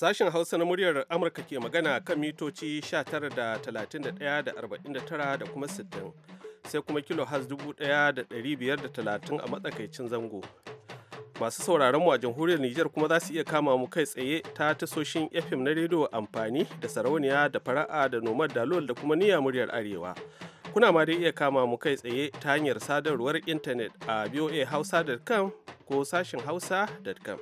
Sashen Hausa na muryar Amurka ke magana kan mitoci 19 da 31 da 49 da kuma 60 sai kuma kilo has 1530 a matsakaicin zango. Masu sauraron mu a jamhuriyar Nijar kuma za su iya kama mu kai tsaye ta tasoshin FM na rediyo amfani da sarauniya da fara'a da nomad dalol da kuma niyya muryar arewa. Kuna ma dai iya kama mu kai tsaye ta hanyar sadarwar intanet a voahausa.com ko sashen hausa.com.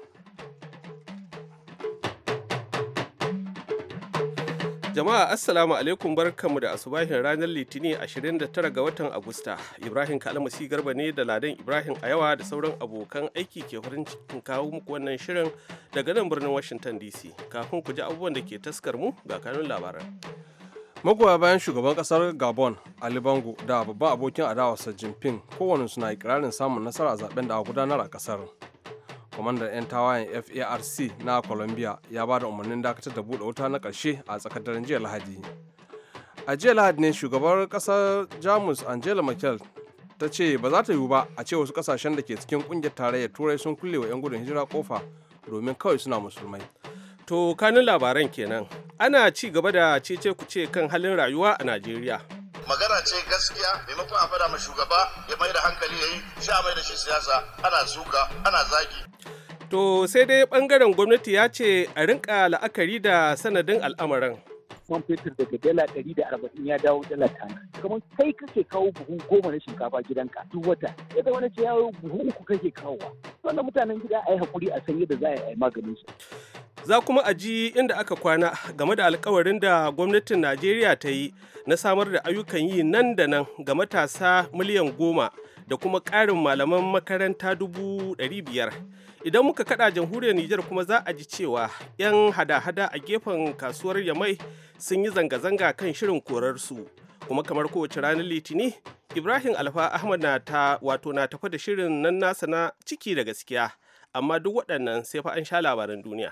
Jama'a Assalamu alaikum barkamu da asubahin ranar Litinin 29 ga watan Agusta. Ibrahim Kalmasi Garba ne da Ladan Ibrahim Ayawa da sauran abokan aiki ke farin cikin kawo muku wannan shirin daga nan birnin Washington DC. Kafin ku ji abubuwan da ke taskar mu ga kanun labaran. Magoya bayan shugaban kasar Gabon Ali Bango da babban abokin adawarsa Jinping kowane suna ikirarin samun nasara a zaben da aka gudanar a kasar. kwamandan 'yan tawayen farc na colombia ya ba da umarnin dakatar da buɗe wuta na ƙarshe a tsakar daren jiya lahadi a jiya lahadi ne shugabar ƙasar jamus angela merkel ta ce ba za ta yiwu ba a ce wasu ƙasashen da ke cikin ƙungiyar tarayyar turai sun kulle wa 'yan gudun hijira kofa domin kawai suna musulmai to kanin labaran kenan ana ci gaba da cece kuce kan halin rayuwa a najeriya magana ce gaskiya maimakon a fada ma shugaba ya mai da hankali ya yi a mai da shi siyasa ana zuga ana zagi to sai dai bangaren gwamnati ya ce a rinka la'akari da sanadin al'amarin man fetur daga dala ɗari da arba'in ya dawo dala tana kamar kai kake kawo buhu goma na shinkafa gidanka duk wata ya zama na ciyawa buhu uku kake kawowa wannan mutanen gida a yi hakuri a san yadda za a yi maganin su za kuma a ji inda aka kwana game da alkawarin da gwamnatin najeriya ta yi na samar da ayyukan yi nan da nan ga matasa miliyan goma da kuma ƙarin malaman makaranta dubu ɗari biyar idan muka kada jamhuriyar Nijar kuma za a ji cewa 'yan hada-hada a gefen kasuwar yamai sun yi zanga-zanga kan shirin korarsu kuma kamar kowace ranar litini ibrahim alfa ahmad na ta wato na tafa da shirin nan nasa na ciki da gaskiya amma duk waɗannan sai fa an sha labaran duniya.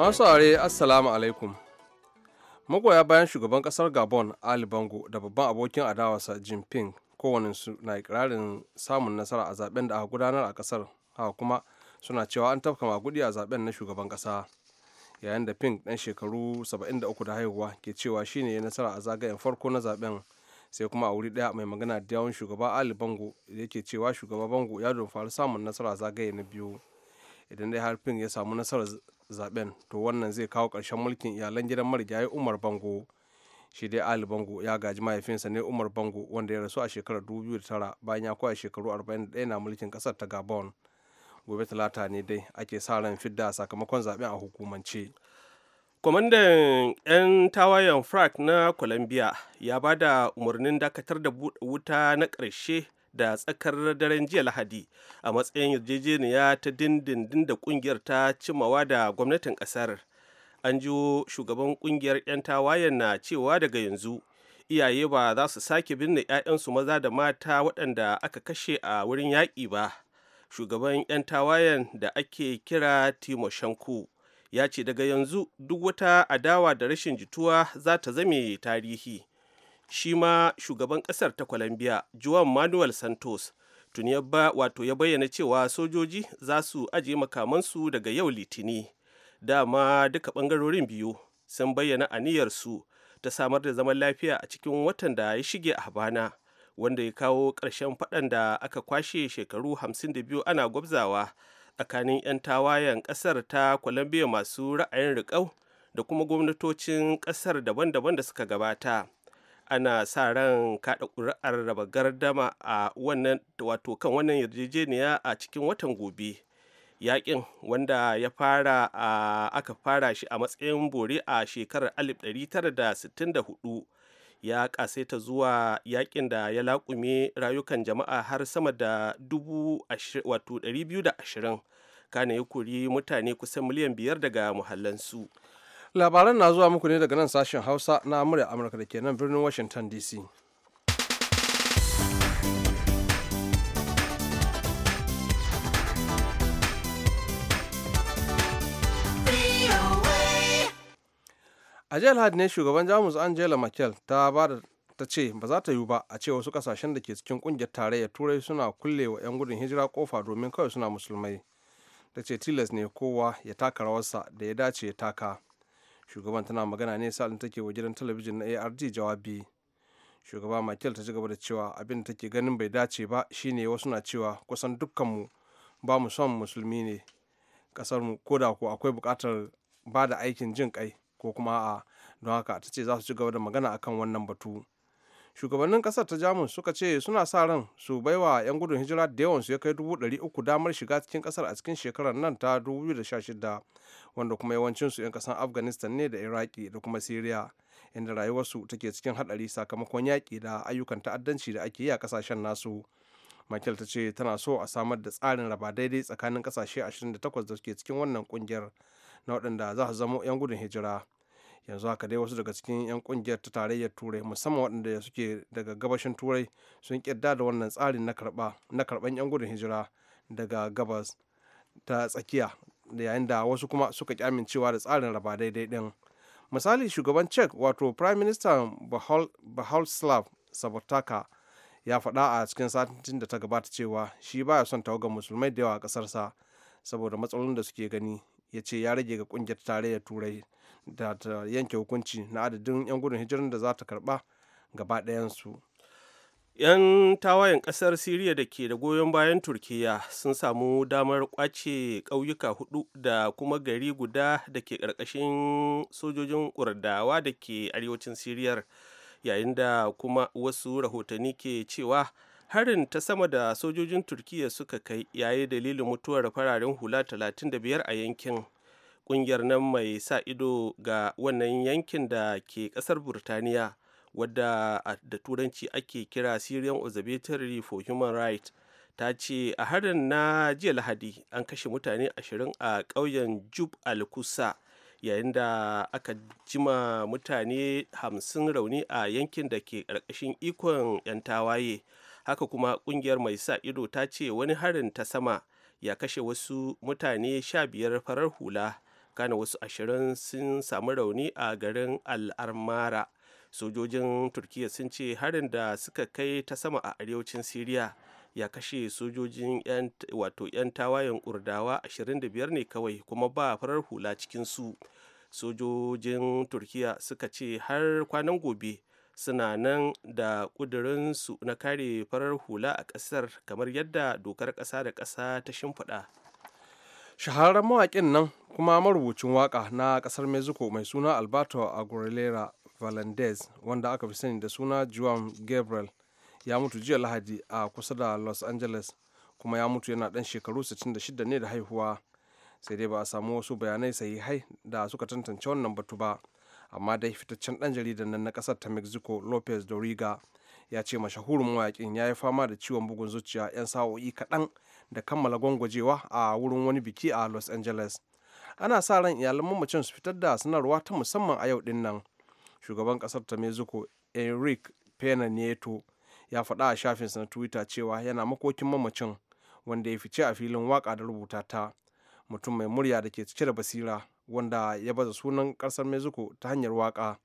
masu are assalamu alaikum magoya bayan shugaban kasar gabon ali bango da babban abokin adawarsa jinping kowanensu na ikirarin samun nasara a zaben da aka gudanar a kasar haka kuma suna cewa an tafka magudi a zaben na shugaban kasa yayin da pink dan shekaru 73 da haihuwa ke cewa shine ya nasara a zagayen farko na zaben sai kuma a wuri daya mai magana da yawon shugaba ali bango yake cewa shugaba bango ya faru samun nasara zagaye na biyu idan dai har pink ya samu nasarar zaben to wannan zai kawo ƙarshen mulkin iyalan gidan marigayi umar bango shi dai ali bango ya gaji mahaifinsa ne umar bango wanda ya rasu a shekarar 2009 bayan ya kwaya shekaru 41 na mulkin ƙasar ta gabon gobe talata ne dai ake sa ran fidda sakamakon zaben a hukumance kwamandan 'yan tawayen frak na colombia ya ba da umarnin dakatar da wuta na ƙarshe da tsakar daren jiya lahadi a matsayin yarjejeniya ta dindindin da kungiyar ta cimawa da gwamnatin kasar an ji shugaban kungiyar 'yan tawayen na cewa daga yanzu iyaye ba za su sake binne 'ya'yansu maza da mata waɗanda aka kashe a wurin yaƙi ba shugaban 'yan tawayen da ake kira timoshenko ya ce daga yanzu duk wata adawa da rashin jituwa za ta zame tarihi shi ma shugaban ƙasar ta colombia juan manuel santos tuni wato ya bayyana cewa sojoji za su ajiye makamansu daga yau litini dama duka ɓangarorin biyu sun bayyana aniyarsu ta samar da zaman lafiya a cikin watan da ya shige a habana wanda ya kawo ƙarshen faɗan da aka kwashe shekaru 52 ana gwabzawa tsakanin 'yan tawayen ƙasar ta colombia masu ra'ayin riƙau da kuma gwamnatocin ƙasar daban-daban da suka gabata ana sa ran kada ƙuri'ar raba gardama a wannan wato kan wannan yarjejeniya a cikin watan gobe yakin wanda ya fara aka fara shi a matsayin bore a shekarar 1964 ya kasaita zuwa yakin da ya laƙume rayukan jama'a har sama da 220 kana ya kuri mutane kusan miliyan biyar daga muhallansu. labaran na zuwa muku ne daga nan sashen hausa na murya amurka da ke nan birnin washington dc a jihar lahadi ne shugaban jamus angela merkel ta ba da ta ce ba za ta yiwu ba a ce wasu kasashen da ke cikin kungiyar tarayyar turai suna kulle wa 'yan gudun hijira kofa domin kawai suna musulmai ta ce tilas ne kowa ya taka rawarsa da ya dace ya taka shugaban tana magana ne sa'alin take wa gidan talabijin na ard jawabi shugaba michael ta ci gaba da cewa abin da take ganin bai dace ba shine wasu na cewa kusan dukkanmu ba mu son musulmi ne kasar mu ko da ko akwai bukatar ba da aikin jin kai ko kuma a don haka ta ce za su ci gaba da magana akan wannan batu shugabannin kasar ta jamus suka ce suna sa ran su baiwa 'yan gudun hijira da yawan su ya kai dubu ɗari uku damar shiga cikin kasar a cikin shekarar nan ta 2016 wanda kuma yawancinsu 'yan kasar afghanistan ne da iraki da kuma syria inda rayuwarsu take cikin haɗari sakamakon yaƙi da ayyukan ta'addanci da ake yi a kasashen nasu Michael ta ce tana so a samar da tsarin raba daidai tsakanin kasashe 28 da ke cikin wannan kungiyar na waɗanda za su zamo 'yan gudun hijira yanzu haka dai wasu daga cikin 'yan kungiyar ta tarayyar turai musamman waɗanda suke daga gabashin turai sun kirda da wannan tsarin na karɓan 'yan gudun hijira daga gabas ta tsakiya yayin da wasu kuma suka ki amincewa da tsarin raba daidai din misali shugaban czech wato prime minister baholslav sabotaka ya faɗa a cikin satin da ta gabata cewa shi baya son tawaga musulmai da yawa a ƙasarsa saboda matsalolin da suke gani ya ce ya rage ga ƙungiyar tarayyar turai da ta yanke hukunci na adadin 'yan gudun hijirar da za ta karba gaba ɗayansu. 'yan tawayen ƙasar siriya da ke da goyon bayan turkiya sun samu damar kwace ƙauyuka hudu da kuma gari guda da ke ƙarƙashin sojojin kurdawa da ke arewacin siriyar yayin da kuma wasu rahotanni ke cewa harin ta sama da sojojin turkiya suka kai yayi dalilin mutuwar fararen hula 35 a yankin kungiyar nan mai sa ido ga wannan yankin da ke kasar burtaniya wadda da turanci ake kira syrian observatory for human rights ta ce a harin na jiya lahadi an kashe mutane ashirin a ƙauyen jub al-kusa yayin da aka jima mutane hamsin rauni a yankin da ke ƙarƙashin ikon 'yan tawaye haka kuma ƙungiyar mai sa ido ta ce wani harin ta sama ya kashe wasu mutane sha biyar farar hula kana wasu ashirin sun samu rauni a garin al'armara sojojin turkiya sun ce harin da suka kai ta sama a arewacin siriya ya kashe sojojin wato 'yan tawayen kurdawa 25 ne kawai kuma ba farar hula cikinsu sojojin turkiya suka ce har kwanan gobe suna nan da ƙudurinsu na kare farar hula a ƙasar kamar yadda dokar ƙasa da ƙasa ta shimfiɗa shaharar mawaƙin nan kuma marubucin waka na kasar mexico mai suna alberto aguilera valandez wanda aka fi sani da suna juan gabriel ya mutu jiya lahadi a kusa da los angeles kuma ya mutu yana dan shekaru 66 ne da haihuwa sai dai ba a samu wasu bayanai sahihai da suka tantance wannan batu ba amma dai fitaccen dan jaridar nan na kasar ta mexico lopez doriga ya ce mashahurin mawaƙin ya yi fama da ciwon bugun zuciya 'yan sa'o'i kaɗan da kammala gwangwajewa a wurin wani biki a los angeles ana sa ran iyalan mamacin su fitar da sanarwa ta musamman a yau din shugaban kasar ta mexico enric pena nieto ya faɗa a shafinsa na twitter cewa yana makokin mamacin wanda ya fice a filin waka da rubuta ta mutum mai murya da ke cike da basira wanda ya baza sunan ƙasar mexico ta hanyar waka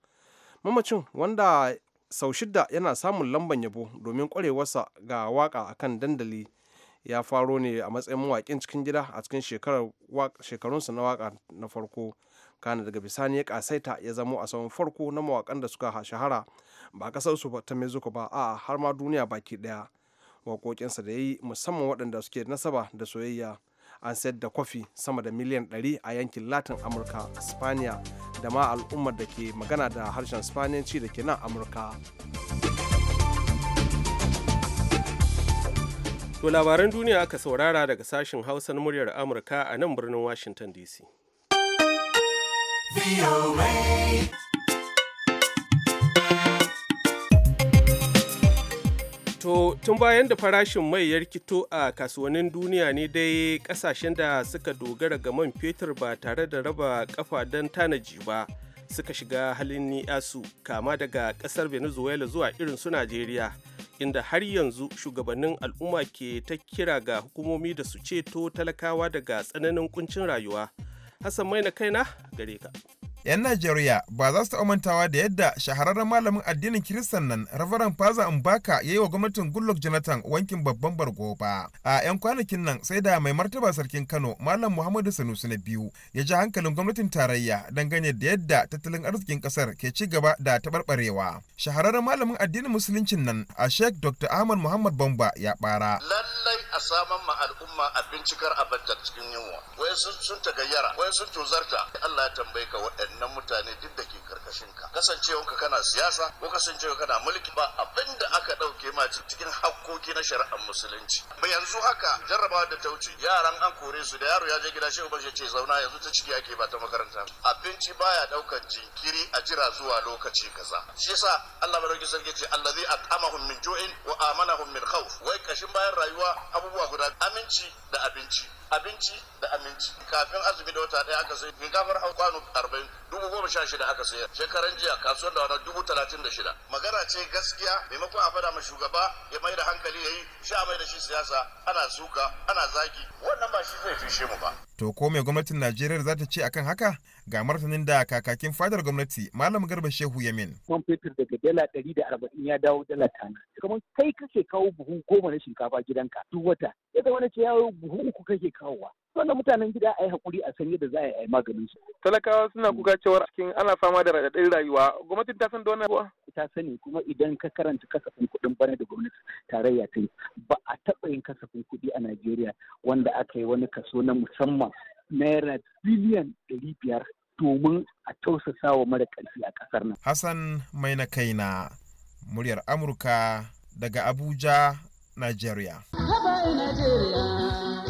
mamacin wanda sau shida yana samun lamban yabo domin ƙwarewarsa ga waka akan dandali ya faro ne a matsayin mawaƙin cikin gida a cikin shekarunsa na waka na farko kana daga bisani ya kasaita ya zamo a saman farko na mawakan da suka shahara ba ƙasar su ta mexico ba a har ma duniya baki ɗaya waƙoƙinsa da ya yi musamman waɗanda suke nasaba da soyayya an sayar da kwafi sama da miliyan 100 a yankin latin amurka spaniya da ma al'ummar da ke magana da harshen spaniyanci da ke nan amurka To labaran duniya aka saurara daga sashen Hausa na muryar Amurka a nan birnin Washington DC. To tun bayan da farashin mai ya rikito a kasuwannin duniya ne dai kasashen da suka dogara ga man fetur ba tare da raba kafa don tanaji ba suka shiga halin ni'asu kama daga kasar Venezuela zuwa irin su Najeriya. inda har yanzu shugabannin al'umma ke ta kira ga hukumomi da su ceto talakawa daga tsananin kuncin rayuwa hassan mai na kaina gare ka 'yan Najeriya ba za su mantawa da yadda shahararren malamin addinin Kiristan nan Rabaran Faza Mbaka ya yi wa gwamnatin Goodluck Jonathan wankin babban bargo ba. A 'yan kwanakin nan sai da mai martaba sarkin Kano Malam Muhammadu Sanusi na biyu ya ji hankalin gwamnatin tarayya dangane da yadda tattalin arzikin kasar ke ci gaba da taɓarɓarewa. Shahararren malamin addinin musuluncin nan a Sheikh Dr. Ahmad Muhammad Bamba ya ɓara. a saman ma al'umma a bincikar a batta cikin yunwa wai sun tagayyara wai sun tozarta Allah ya tambaye ka waɗannan mutane duk da ke karkashin ka kasancewar ka kana siyasa ko kasancewa kana mulki ba abinda aka ɗauke ma cikin hakkoki na shari'ar musulunci ba yanzu haka jarrabawa da ta wuce yaran an kore su da yaro ya je gida shehu bashi ce zauna yanzu ta ciki ake ba ta makaranta abinci baya ɗaukar jinkiri a jira zuwa lokaci kaza shi yasa Allah madaukakin sarki ce allazi aqamahum min ju'in wa amanahum min khawf wai kashin bayan rayuwa abubuwa guda aminci da abinci abinci da aminci kafin azumi da wata ɗaya aka sai shinkafar hau kwano arba'in dubu goma sha shida aka sayar shekaran jiya kasuwar da wani dubu talatin da shida magana ce gaskiya maimakon a fada ma shugaba ya mai da hankali ya yi sha mai da shi siyasa ana suka ana zagi wannan ba shi zai fishe mu ba. to ko mai gwamnatin najeriya za ta ce akan haka ga martanin da kakakin fadar gwamnati malam garba shehu yamin man fetur daga dala ɗari da arba'in ya dawo dala tana kamar kai kake kawo buhu goma na shinkafa gidanka duk wata ya zama na ya buhu uku kake kawowa Wannan mutanen gida a yi hakuri a sanye da za a yi maganin su. Talakawa suna kuka cewar cikin ana fama da raɗaɗin rayuwa. Gwamnatin ta san da wannan Ta sani kuma idan ka karanta kasafin kuɗin bana da gwamnati tarayya ta yi ba a taɓa yin kasafin kuɗi a Najeriya wanda aka yi wani kaso na musamman naira biliyan ɗari biyar domin a tausasa wa mara ƙarfi a ƙasar nan. Hassan mai na kaina muryar Amurka daga Abuja, Nigeria.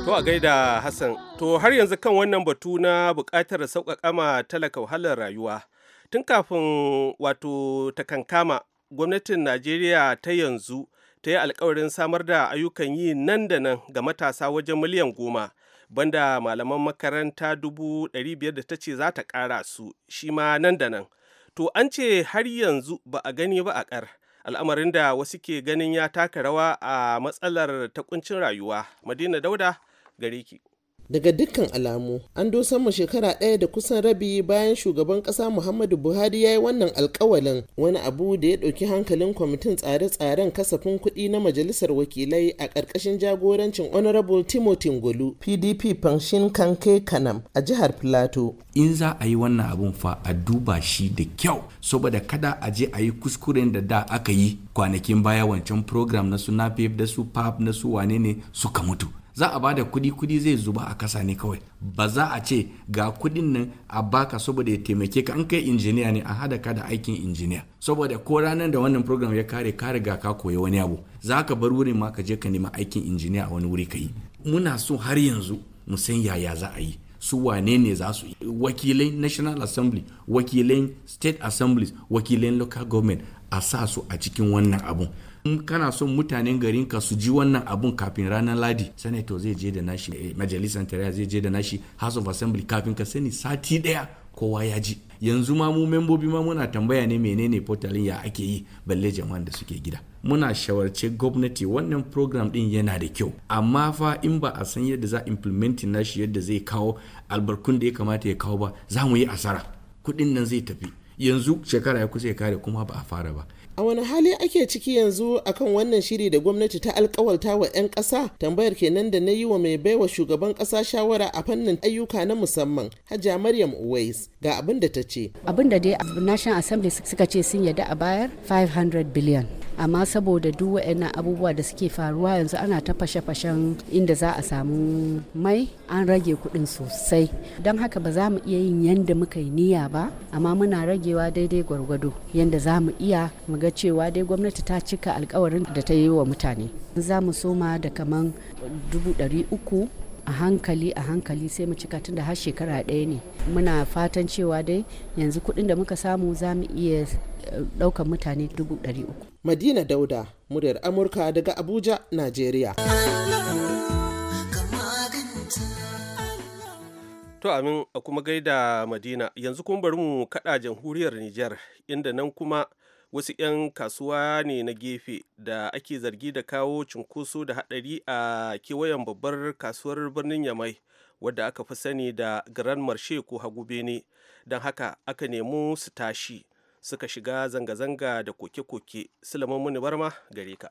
To a gaida Hassan, to har yanzu kan wannan batu na buƙatar sauƙaƙa ma talaka wahalar rayuwa. Tun kafin wato takankama gwamnatin Najeriya ta yanzu ta yi alkawarin samar da ayyukan yi nan da nan ga matasa wajen miliyan goma banda malaman makaranta dubu ɗari biyar da ta ce za ta ƙara su shi ma nan da nan to an ce har yanzu ba a gani ba a kar, al'amarin da wasu ke ganin ya taka rawa a matsalar takuncin rayuwa madina dauda gare ki daga dukkan alamu an dosan mu shekara ɗaya da kusan rabi bayan shugaban ƙasa muhammadu buhari ya yi wannan alkawalin wani abu da ya ɗauki hankalin kwamitin tsare-tsaren kasafin kuɗi na majalisar wakilai a ƙarƙashin jagorancin honorable timothy ngolu pdp fanshin kanke kanam a jihar filato in za a yi wannan abun fa a duba shi da kyau saboda kada a je a yi kuskuren da da aka yi kwanakin baya wancan program na su da su pap na su wane ne suka mutu za a bada kudi kudi zai zuba a kasa ne kawai ba za a ce ga kudin nan a baka saboda ya taimake ka an kai injiniya ne a hada ka da aikin injiniya saboda ko ranar da wannan program ya kare ka riga ka koyi wani abu za ka bar wurin ma ka je ka nema aikin injiniya a wani wuri ka yi muna so har yanzu mu san yaya za a yi su wane ne za su wakilai national assembly wakilai state assemblies wakilai local government a sa su a cikin wannan abun in kana son mutanen garin ka su ji wannan abun kafin ranar ladi senator zai je da nashi eh, majalisar tarayya zai je da nashi house of assembly kafin ka sani sati daya kowa ya ji yanzu ma mu membobi ma muna tambaya ne menene portalin ya ake yi balle jama'an da suke gida muna shawarce gwamnati wannan program din yana da kyau amma fa in ba a san yadda za implementing nashi yadda zai kawo albarkun da ya kamata ya kawo ba za mu yi asara kudin nan zai tafi yanzu shekara ya kusa ya kare kuma ba a fara ba a wani hali ake ciki yanzu akan wannan shiri da gwamnati ta alkawalta wa 'yan ƙasa tambayar kenan da na yi wa mai baiwa shugaban kasa shawara a fannin ayyuka na musamman hajja maryam uwais ga abin da ta ce abin da dai national assembly suka ce sun yadda a bayar 500 billion amma saboda duk waɗannan abubuwa da suke faruwa yanzu ana ta fashe-fashen inda za a samu mai an rage kuɗin sosai don haka ba za mu iya yin yadda muka yi niyya ba amma muna ragewa daidai gwargwado yadda za mu iya mu ga cewa dai gwamnati ta cika alkawarin da ta yi wa mutane za mu soma da kaman dubu ɗari uku a hankali a hankali sai mu cika tunda har shekara ɗaya ne muna fatan cewa dai yanzu kuɗin da muka samu za mu iya eh, ɗaukar mutane dubu ɗari uku. madina dauda muryar amurka daga abuja najeriya To amin kuma gaida Madina yanzu kun bari mu kaɗa jamhuriyar Nijar inda nan kuma wasu 'yan kasuwa ne na gefe da ake zargi da kawo cunkoso da haɗari a kewayen babbar kasuwar birnin yamai wadda aka fi sani da grand marshe ko hagu bene don haka aka nemo su tashi suka shiga zanga-zanga da koke-koke sulaiman muni barma gare ka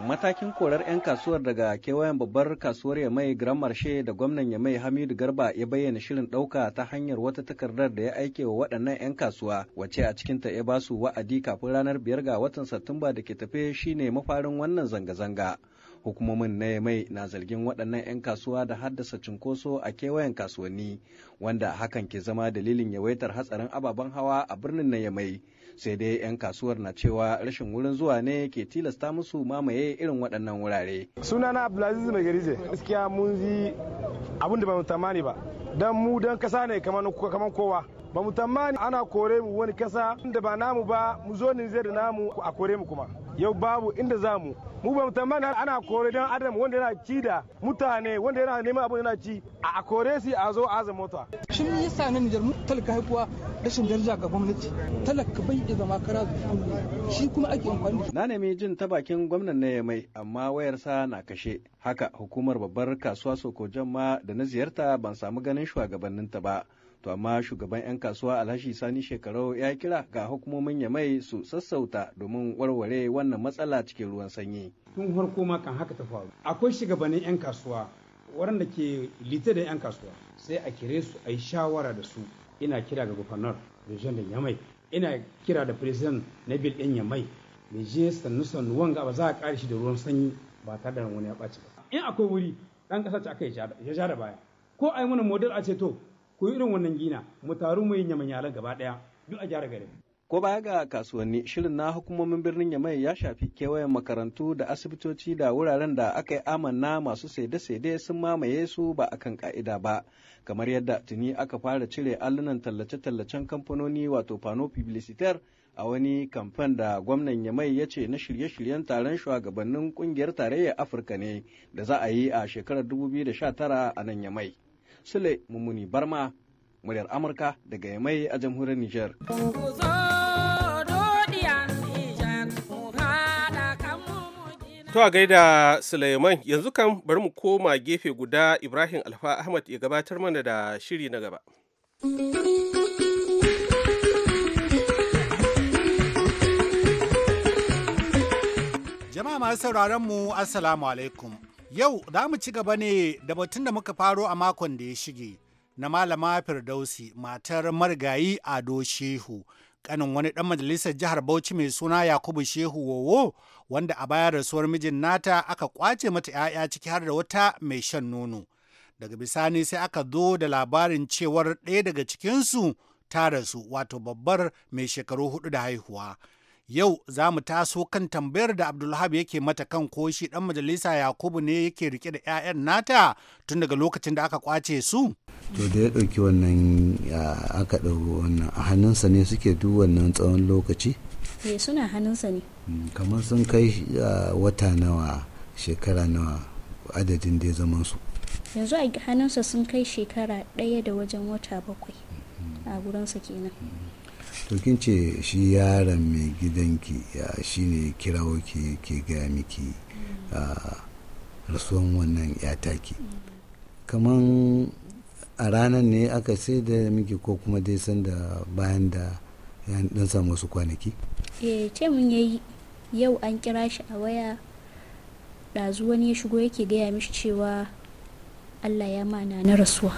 matakin korar 'yan kasuwar daga kewayen babbar kasuwar ya yamai gramarshe da gwamnan ya mai hamidu garba ya bayyana shirin ɗauka ta hanyar wata takardar da ya aike wa waɗannan 'yan kasuwa wacce a cikinta ya ba su wa'adi kafin ranar biyar ga watan satumba da ke tafe shine mafarin wannan zanga-zanga hukumomin na mai na zargin waɗannan 'yan kasuwa da haddasa cunkoso a kewayen kasuwanni wanda hakan ke zama dalilin yawaitar hatsarin ababen hawa a birnin na mai? sai dai 'yan kasuwar na cewa rashin wurin zuwa ne ke tilasta musu mamaye irin waɗannan wurare sunana abdulaziz mai garije gaskiya mun ji abin da ba mu tamani ba don mu don kasa ne kamar kowa ba mu tamani ana kore mu wani kasa inda ba namu ba mu zo Nijar da namu a kore mu kuma yau babu inda za mu mu ba mu tamani ana kore dan adam wanda yana ci da mutane wanda yana neman abu yana ci a kore su a zo a aza mota shin me yasa nan Nijar mu talaka haihuwa rashin daraja ga gwamnati talaka bai da zama kara shi kuma ake amfani na nemi jin ta bakin gwamnan ne mai amma wayarsa na kashe haka hukumar babbar kasuwa Sokojan ma da na ziyarta ban samu ganin shugabanninta ba To amma shugaban 'yan kasuwa Alhashi Sani Shekarau ya kira ga hukumomin Yamai su sassauta domin warware wannan matsala cikin ruwan sanyi. Tun farko ma kan haka ta faru. Akwai shugabannin 'yan kasuwa waɗanda ke lita da 'yan kasuwa sai a kire su a yi shawara da su. Ina kira ga gwamnar Rijiyar da Yamai. Ina kira da President Nabil ɗin Yamai. Mai je sannu sannu wanga ba za a ƙare shi da ruwan sanyi ba tare da wani ya ɓaci ba. In akwai wuri ɗan ƙasa ce aka yi ya ja baya. Ko a yi mana model a ce to ku irin wannan gina mu taru mu yi gaba daya duk a gyara garin ko baya ga kasuwanni shirin na hukumomin birnin yamai ya shafi kewayen makarantu da asibitoci da wuraren da aka yi amanna masu saide-saide sun mamaye su ba a kan ka'ida ba kamar yadda tuni aka fara cire allunan tallace-tallacen kamfanoni wato fano publicitaire a wani kamfan da gwamnan yamai ya ce na shirye-shiryen taron shugabannin kungiyar tarayyar afirka ne da za a yi a shekarar 2019 a nan yamai Sule Mumuni Barma, muryar Amurka daga Yamai a jamhuriyar Nijar. To a gaida Sulaiman yanzu kan bari mu koma gefe guda Ibrahim Alfa Ahmad ya gabatar mana da shiri na gaba. Jama'a masu sauraron mu Assalamu alaikum. Yau za mu ci gaba ne da batun da muka faro a makon da ya shige na malama Firdausi matar marigayi Ado Shehu. Kanin wani ɗan majalisar jihar Bauchi mai suna Yakubu Shehu Wowo wanda a baya rasuwar mijin nata aka kwace mata 'ya'ya ciki har da wata mai shan nono. Daga bisani sai aka zo da labarin cewar ɗaya daga cikinsu ta rasu wato babbar mai shekaru huɗu da haihuwa. Yau za mu taso kan tambayar da Abdulhab yake mata kan ko shi dan majalisa Yakubu ne yake rike da 'ya'yan nata tun daga lokacin da aka kwace su. To da ya ɗauki wannan aka ɗau wannan a hannunsa ne suke duk wannan tsawon lokaci? Eh suna hannunsa ne. Hmm, kamar sun kai wata nawa shekara nawa adadin da ya zama su. Yanzu a hannunsa sun kai shekara ɗaya da wajen wata bakwai a gurinsa kenan. Hmm, hmm. to ce shi yaron mai gidanki shi ne kirawo ke ke gaya miki mm. a rasuwan wannan yataki kaman a ranar ne aka sai da miki ko kuma dai sanda bayan da ya dan samu wasu kwanaki eh ce mun yayi yau an kira shi a waya ɗazu wani ya shigo yake gaya mishi cewa allah ya mana na rasuwa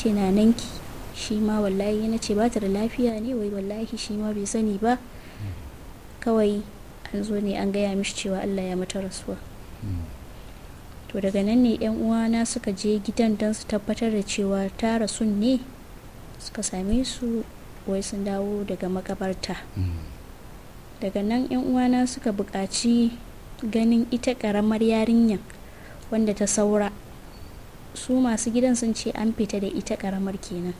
ce mm-hmm. nanki. shi ma wallahi yana ce bata da lafiya ne wai wallahi shi ma bai sani ba kawai an zo ne an gaya mishi cewa allah ya mata rasuwa to daga nan ne yan uwana suka je gidan don su tabbatar da cewa ta rasu ne suka same su wai sun dawo daga makabarta daga nan yan uwana suka buƙaci ganin ita ƙaramar yarinyar wanda ta saura su masu gidan sun ce an fita da ita ƙaramar kenan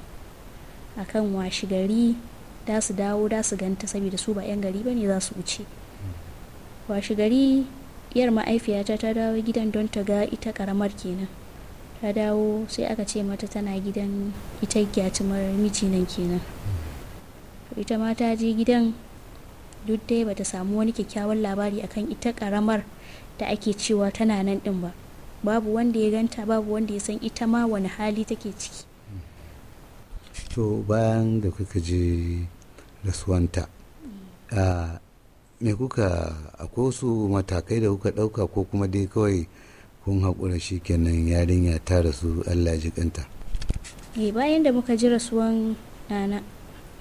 akan washi gari da su dawo da su ganta saboda su ba 'yan gari ba ne za su wuce washi gari yar ma'aifiyata ta dawo gidan don ta ga ita karamar kenan ta dawo sai aka ce mata tana gidan ita mara miji nan kenan ita ma ta je gidan duk dai bata samu wani kyakkyawan labari akan ita karamar da ake cewa tana nan din ba babu wanda ya ganta babu wanda ya san ita ma wani hali take ciki to bayan da kuka ji rasuwanta mm. ah, me kuka akwai wasu matakai da kuka ɗauka ko kuma dai kawai kun haƙura shi kenan yarinya ta rasu allah jikanta e eh, bayan da muka ji rasuwan nana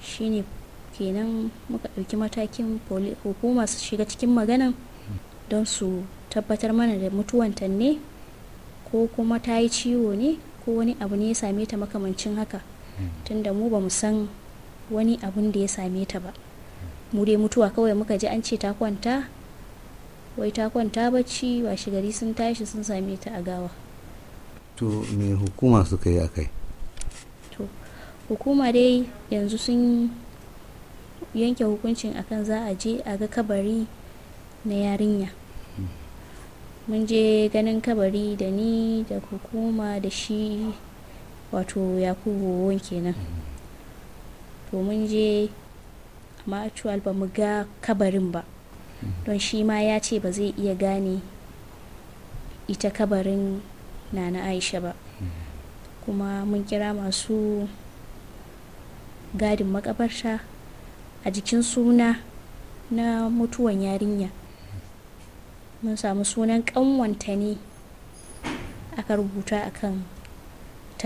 shine kenan muka ɗauki matakin hukuma su shiga cikin maganan don su tabbatar mana da mutuwantan ne ko kuma ta yi ciwo ne ko wani abu ne ya same ta makamancin haka tunda mu ba mu san wani abun da ya same ta ba mu dai mutuwa kawai muka ji an ce ta kwanta wai ta kwanta bacci shi gari sun tashi sun same ta a gawa to me hukuma suka yi akai to hukuma dai yanzu sun yanke hukuncin akan za a je a ga kabari na yarinya hmm. mun je ganin kabari da ni da hukuma da shi wato yakubu won kenan to mun je amma actual ba mu ga kabarin ba don shi ma ya ce ba zai iya gane ita kabarin na na aisha ba kuma mun kira masu gadin makabarta a jikin suna na mutuwan yarinya mun samu sunan kanwanta ne aka rubuta akan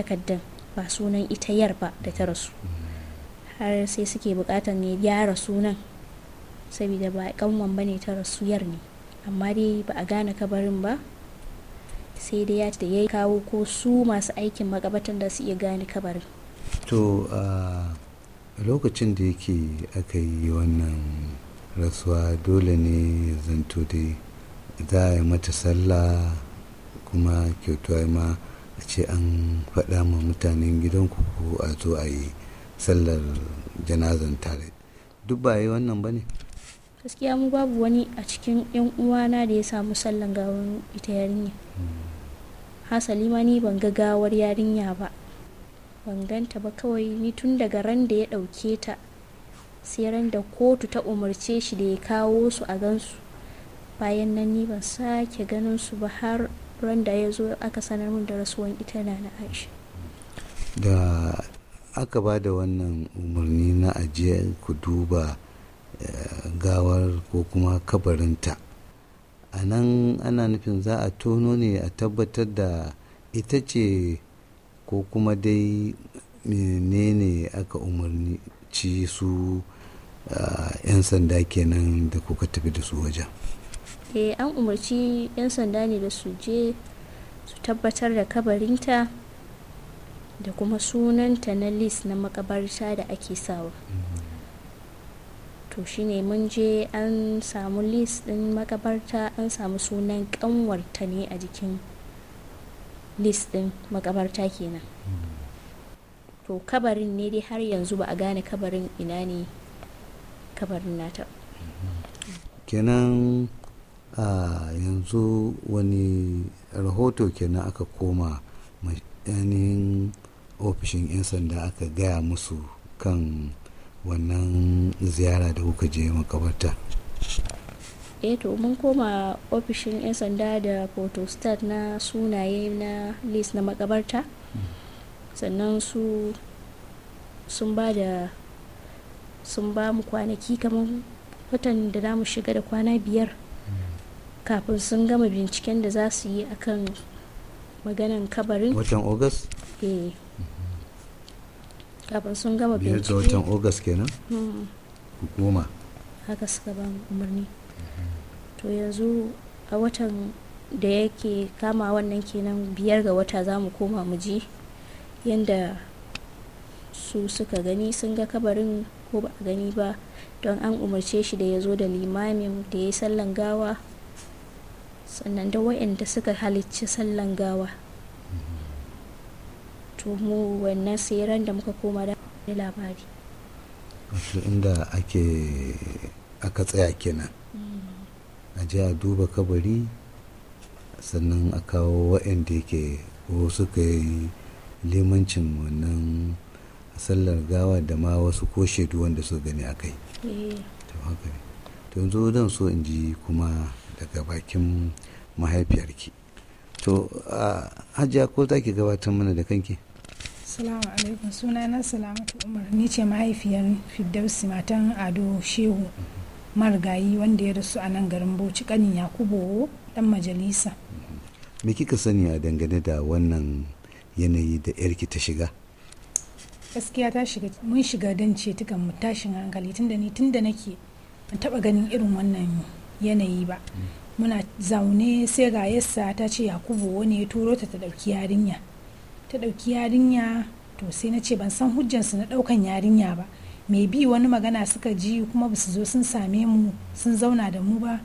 takardan ba sunan ita yar ba da ta rasu har sai suke bukatan ya gyara sunan saboda ba kanwan ba ne ta rasu yar ne amma dai ba a gane kabarin ba sai dai ya da ya kawo ko su masu aikin magabatan da su iya gane kabarin to a lokacin da yake aka yi wannan rasuwa dole ne ya zanto dai za a yi mata sallah kuma kyautuwa ma a ce an faɗa ma mutanen gidanku ko a zo a yi sallar janazan tare duk ba wannan ba ne gaskiya mu babu wani a cikin yan uwana da ya samu sallan gawan ita yarinya hmm. hasali ma ni ban ga gawar yarinya ba ban ganta ba kawai ni tun daga ran da ya ɗauke ta sai ran da kotu ta umarce shi da ya kawo su a gansu bayan nan ni ban sake ganin su ba har randa ya zo aka sanar min da rasuwan ita na na aisha da aka ba da wannan umarni na ajiye ku duba eh, gawar ko kuma kabarinta a nan ana nufin za a tono ne a tabbatar da ita ce ko kuma dai menene aka umarni ci su eh, 'yan sanda kenan da kuka tafi da su wajen eh an umarci 'yan sanda ne da su je su tabbatar da kabarinta da kuma sunanta na lis na makabarta da ake sawa to shine mun je an samu lis din makabarta an samu sunan kanwarta ne a jikin lis din makabarta kenan to kabarin ne dai har yanzu ba a gane kabarin ina ne kabarin nata kenan a yanzu wani rahoto kenan aka koma yanayin ofishin 'yan sanda aka gaya musu kan wannan ziyara da kuka je makabarta eh to mun koma ofishin 'yan sanda da photostat na sunaye na list na makabarta sannan su sun ba da sun ba mu kwanaki kamar watan da za mu shiga da kwana biyar kafin sun gama binciken da za su yi akan maganan kabarin watan august eh kafin sun gama binciken da watan august kenan hmm. hukuma haka suka ba umarni mhm. to yanzu a watan da yake kama wannan kenan biyar ga wata za mu koma mu ji yadda su suka gani sun ga kabarin ko ba a gani ba don an umarce shi da ya zo da limamin da ya yi sallan gawa sannan da waɗanda suka halicci sallan gawa to mu wannan tseren da muka koma da labari wato inda ake aka tsaya kenan a ji a duba kabari sannan a kawo wa'anda yake ko suka yi limancin wannan sallar gawa da ma wasu ko shaidu wanda su gani a kai eh. to yanzu zan so in ji kuma daga bakin mahaifiyarki to a hajiya ko za ki gabatar mana da kanki salamu alaikum suna na salamatu umar ni ce mahaifiyar firdausi matan ado shehu marigayi wanda ya rasu a nan garin bauchi kanin yakubu dan majalisa me kika sani a dangane da wannan yanayi da yarki ta shiga gaskiya ta shiga mun shiga dan ce tukan mu tashin hankali tunda ni tunda nake taba ganin irin wannan yanayi ba muna zaune sai ga yassa ta ce yakubu wani ya turo ta ta ɗauki yarinya ta ɗauki yarinya to sai na ce ban san hujjansu na ɗaukan yarinya ba mai bi wani magana suka ji kuma ba su zo sun same mu sun zauna da mu ba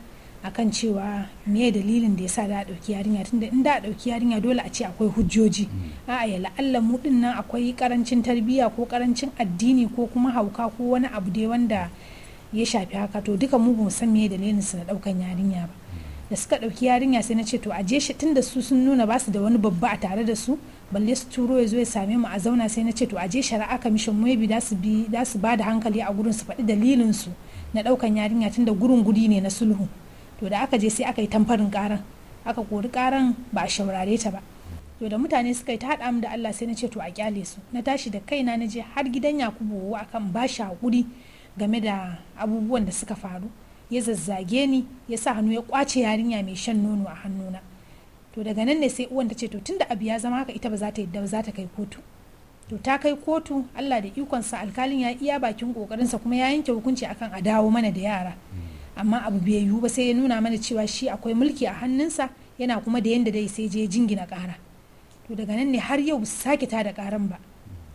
akan cewa me dalilin da ya sa da ɗauki yarinya tunda in da ɗauki yarinya dole a ce akwai hujjoji mm. a'a ya la'alla mu din nan akwai karancin tarbiyya ko karancin addini ko kuma hauka ko wani abu dai wanda ya shafi haka to duka mu bamu san me dalilin su na daukan yarinya ba da suka dauki yarinya sai na ce to aje shi tunda su sun nuna ba su da wani babba a tare da su balle su turo ya zo ya same mu a zauna sai na ce to aje shari'a kamishin maybe da su bi da su ba da hankali a gurin su faɗi dalilin su na daukan yarinya tunda gurin guri ne na sulhu to da aka je sai aka yi tamfarin karan aka kori karan ba a shaurare ta ba to da mutane suka yi ta haɗa mu da Allah sai na ce to a kyale su na tashi da kaina na je har gidan Yakubu akan ba shi hakuri game da abubuwan da suka faru ya zazzage ni ya sa hannu ya kwace yarinya mai shan nono a hannuna to daga nan ne sai uwan ta ce to tun da abu ya zama haka ita ba za ta yadda ba za ta kai kotu to ta kai kotu Allah da ikonsa alkalin ya iya bakin kokarin sa kuma ya yanke hukunci akan a dawo mana da yara hmm. amma abu bai yiwu ba sai ya nuna mana cewa shi akwai mulki a hannunsa yana kuma da yanda dai sai je jingina kara to daga nan ne har yau sake ta da karan ba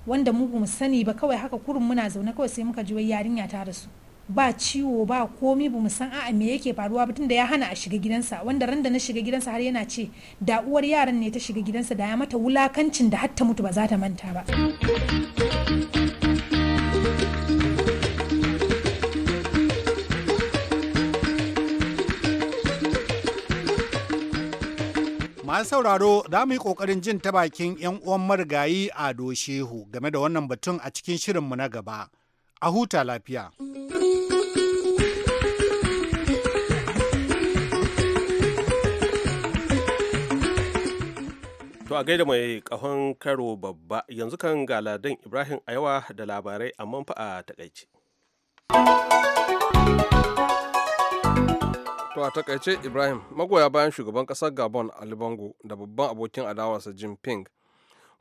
wanda mu bamu sani ba kawai haka kurun muna zaune kawai sai muka ji wai yarinya ta rasu ba ciwo ba komi mu san a'a me yake faruwa ba tunda ya hana a shiga gidansa wanda randa na shiga gidansa har yana ce da uwar yaran ne ta shiga gidansa da ya mata wulakancin da har ta mutu ba za ta manta ba Masu sauraro za mu yi kokarin jin ta bakin 'yan uwan marigayi Ado Shehu game da wannan batun a cikin shirinmu na gaba. A huta lafiya. To a gaida mai kahon karo babba yanzu kan galadan Ibrahim Ayawa da labarai amma fa a takaice. To a takaice Ibrahim magoya bayan shugaban kasar Gabon Ali Bongo da babban abokin adawarsa Jim Ping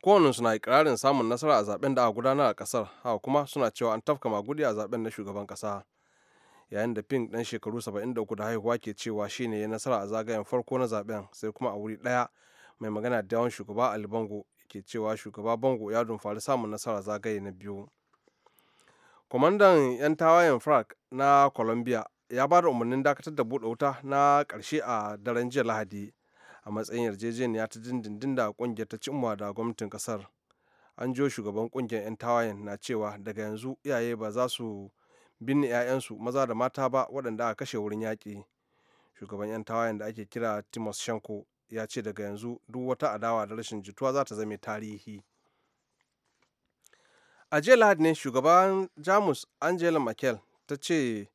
Kowanne suna ikirarin samun nasara a zaben da aka gudanar a kasar haka kuma suna cewa an tafka magudi a zaben na shugaban kasa yayin da Ping dan shekaru 73 da haihuwa ke cewa shine ya nasara a zagayen farko na zaben sai kuma a wuri daya mai magana da yawan shugaba Ali Bongo ke cewa shugaba Bongo ya dumfari samun nasara zagaye na biyu. kwamandan 'yan tawayen frak na colombia ya ba da umarnin dakatar da buɗe wuta na ƙarshe a daren jiya lahadi a matsayin yarjejeniya ta dindindin da ƙungiyar ta cimma da gwamnatin ƙasar an jiyo shugaban ƙungiyar 'yan tawayen na cewa daga yanzu iyaye ba za su binne 'ya'yansu maza da mata ba waɗanda aka kashe wurin yaƙi shugaban 'yan tawayen da ake kira timos shanko ya ce daga yanzu duk wata adawa da rashin jituwa za ta zame tarihi a jiya lahadi ne shugaban jamus angela merkel ta ce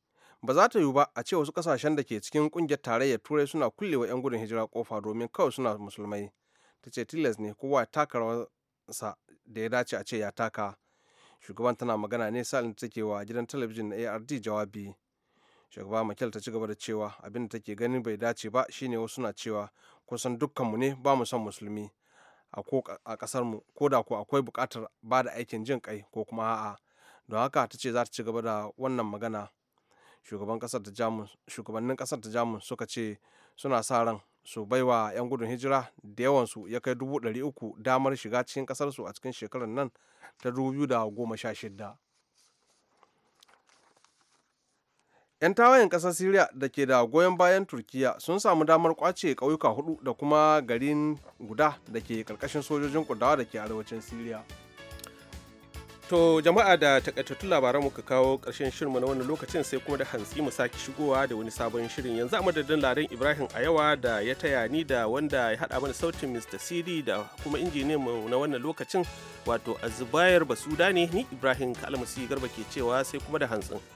ba za ta yiwu ba a ce wasu kasashen da ke cikin kungiyar tarayyar turai suna kullewa 'yan gudun hijira kofa domin kawai suna musulmai ta ce tilas ne kowa ya taka rawarsa da ya dace a ce ya taka shugaban tana magana ne salin da take wa gidan talabijin na ard jawabi shugaba makil ta ci gaba da cewa abin da take ganin bai dace ba shine wasu na cewa kusan dukkanmu ne ba mu son musulmi a kasarmu ko da ko akwai bukatar ba da aikin jin kai ko kuma a'a don haka ta ce za ta ci gaba da wannan magana shugabannin kasar ta jamus suka ce suna sa ran su baiwa 'yan gudun hijira da yawansu ya kai dubu uku damar shiga cikin kasarsu a cikin shekarar nan ta 2016 'yan tawayen kasar syria da ke da goyon bayan turkiya sun samu damar kwace ƙauyuka hudu da kuma garin guda da ke ƙarƙashin sojojin kudawa da ke arewacin syria To jama'a da takaitattun labaran muka kawo ƙarshen shirinmu na wannan lokacin sai kuma da hantsi mu sake shigowa da wani sabon shirin yanzu a madadin laren Ibrahim yawa da ya taya ni da wanda ya haɗa mana sautin Mr. Siri da kuma injiniyan mu na wannan lokacin wato Azubayar Basuda ne ni Ibrahim Kalmasi Garba ke cewa sai kuma da hantsin.